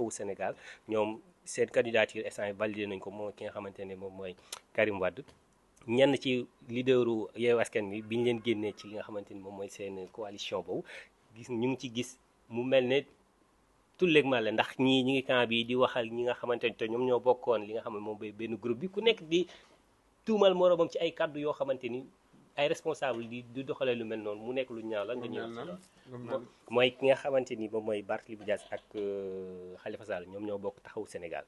taxawu Sénégal ñoom seen candidature instant yi validé nañ ko moom ki nga xamante ne moom mooy Karim Wade ñenn ci leaderu Yewwi Askan Wi bi ñu leen génnee ci li nga xamante ni moom mooy seen coalition boobu gis ñu ngi ci gis mu mel ni tulleeg maa la ndax ñii ñi ngi camp bi di waxal ñi nga xamante ni te ñoom ñoo bokkoon li nga xam moom benn groupe bi ku nekk di tuumal moroomam ci ay kàddu yoo xamante ay responsable di di doxalee lu mel noonu mu nekk lu ñaaw la nga ñëw mooy ki nga xamante ni ba mooy bi Dias ak euh, Khalifa Sall ñoom ñoo bokk taxaw Sénégal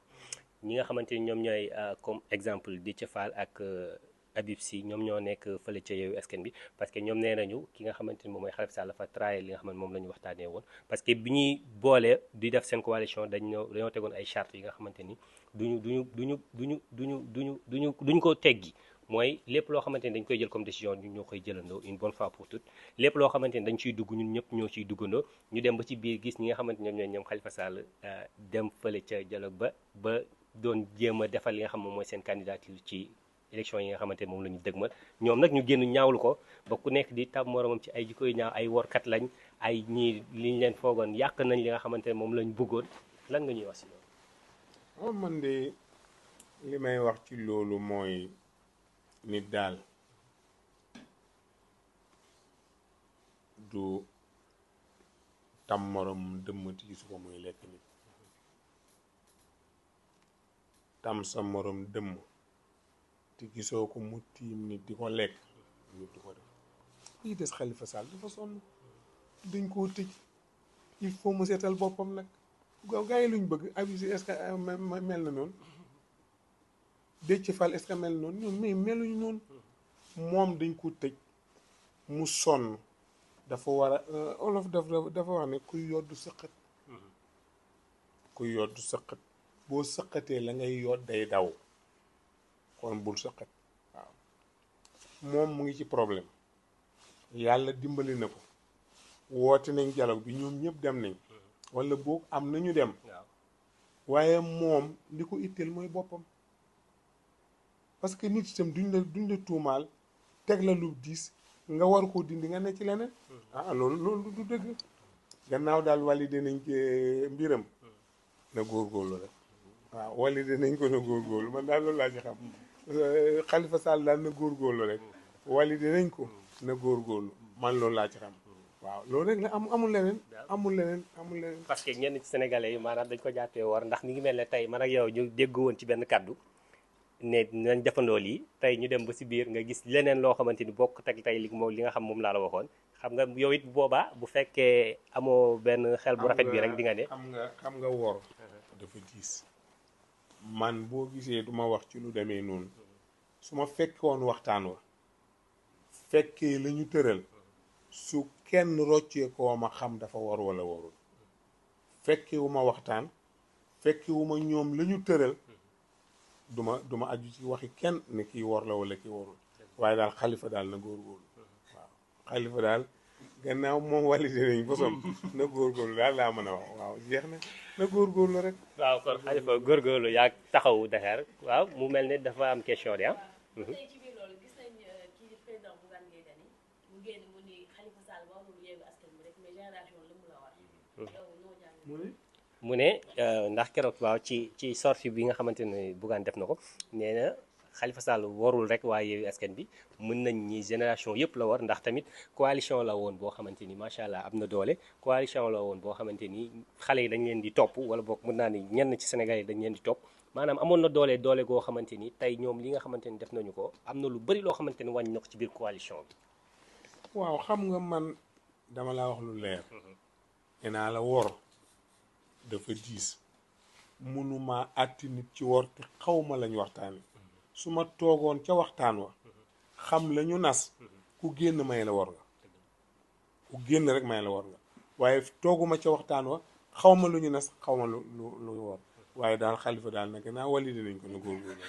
ñi nga xamante ni ñoom ñooy euh, comme exemple Déthié Fall ak euh, Habib Sy ñoom ñoo nekk fële ca Yewwi Askan Wi parce que ñoom nee nañu ki nga xamante ni moom mooy Khalifa Sall dafa trahir li nga xam ne moom la ñu waxtaanee woon parce que bi ñuy boole di def seen coalition dañoo dañoo tegoon ay charte yi nga xamante ni duñu duñu duñu duñu duñu duñu duñu duñu ko teggi mooy lépp loo xamante ni dañ koy jël comme décision ñu ñoo koy jëlandoo une bonne fois pour toutes lépp loo xamante ni dañ ciy dugg ñun ñëpp ñoo ciy duggandoo ñu dem ba ci biir gis ñi nga xamante ñoom ñooy ñoom Khalifa Sall euh, dem fële ca ba ba doon jéem a defal li nga xam moom mooy seen candidature ci élection yi nga xamante moom la ñu dëgmal ñoom nag ñu génn ñaawlu ko ba ku nekk di tab moromam ci ay jikko yu ñaaw ay workat lañ ay ñii liñ leen foogoon yàq nañ li nga xamante ne moom lañu bëggoon lan nga ñuy wax si loolu. wax ci loolu mooy. nit daal du tam morom dëmm ci gisu ko muy lekk nit tam sa morom dëmm te gisoo ko mu tiim nit di ko lekk nit du ko def lii des Xalifa Sall dafa sonn dañ koo tëj il faut mu seetal boppam nag gaaw gars yi luñ bëgg abus est-ce que euh, mel na noonu Déthié Fall est-ce que mel noonu ñun mais meluñu noonu moom dañ ko tëj mu sonn dafa war a euh, olof dafa dafa wax ne kuy yoddu sëqat kuy yoddu sëqat boo sëqatee la ngay yodd day daw kon bul sëqat waaw moom mu ngi ci problème yàlla dimbali na ko woote nañ dialogue bi ñoom ñëpp dem nañ mm-hmm. wala boog am nañu dem waaye moom li ko itteel mooy boppam parce que nit itam duñ la duñ la tuumaal teg la lu diis nga war ko dind nga ne ci leneen. ah loolu loolu du dëgg. gannaaw daal validé nañ eh, mbiram. na góorgóorlu rek. waaw ah, validé nañ ko na góorgóorlu man daal loolu laa ci xam. Eh, Khalifa Sall daal na góorgóorlu rek. validé nañ ko na góorgóorlu man loolu laa ci xam. waaw loolu rek la am amul leneen. amul leneen amul leneen. parce que ñenn ci sénégalais yi maanaam dañ ko jàppee war ndax mi ngi mel ne tey man ak yow ñu dégg woon ci benn kàddu ne nañ defandoo lii tey ñu dem ba si biir nga gis leneen loo xamante ni bokk teg tey li moom li nga xam moom laa la waxoon xam nga yow bu boobaa bu fekkee amoo benn xel bu rafet bi rek di nga ne xam nga xam nga wor man boo gisee duma wax ci lu demee noonu su ma fekkoon waxtaan wa fekkee la ñu tëral su kenn roccee ma xam dafa war wala warul fekkewu ma waxtaan fekkewu ñoom la ñu tëral du duma du ma aju ci waxi kenn ne kii woor la wala kii woorul waaye daal xalifa daal na góorgóorlu waaw xalifa daal gannaaw moom walide nañ bosom na góorgóorlu daal laa mën a wax waaw jeex na na góorgóorlu rek waaw kon xalifa góorgóorlu yaa taxawu Dakar waaw mu mel ni dafa am question de ah. mhm. mu ne euh, ndax keroog waaw ci ci sortie bi nga xamante ne Bougane def na ko nee xalifa Khalifa Sall warul rek waaye Yewwi bi Wi mën nañ ñi génération yëpp la war ndax tamit coalition la woon boo xamante ni macha allah am na doole coalition la woon boo xamante ni xale yi dañ leen di topp wala boog mën naa ni ñenn ci Sénégal yi dañ leen di topp maanaam amoon na doole doole goo xamante ni ñoom li nga xamante ni def nañu ko am na lu bëri loo xamante ni wàññi na ko ci biir coalition bi. waaw xam nga man dama laa wax lu leer. Mm-hmm. la wor. dafa diis mënuma àtti nit ci wor te xawma lañu waxtaan su ma toogoon ca waxtaan wa xam lañu nas ku génn may la war nga ku génn rek may la war nga waaye tooguma ca waxtaan wa xaw ma lu ñu nas xaw ma lu lu lu war waaye daal xalifa daal nag naa wali dinañ ko na góorgóorlu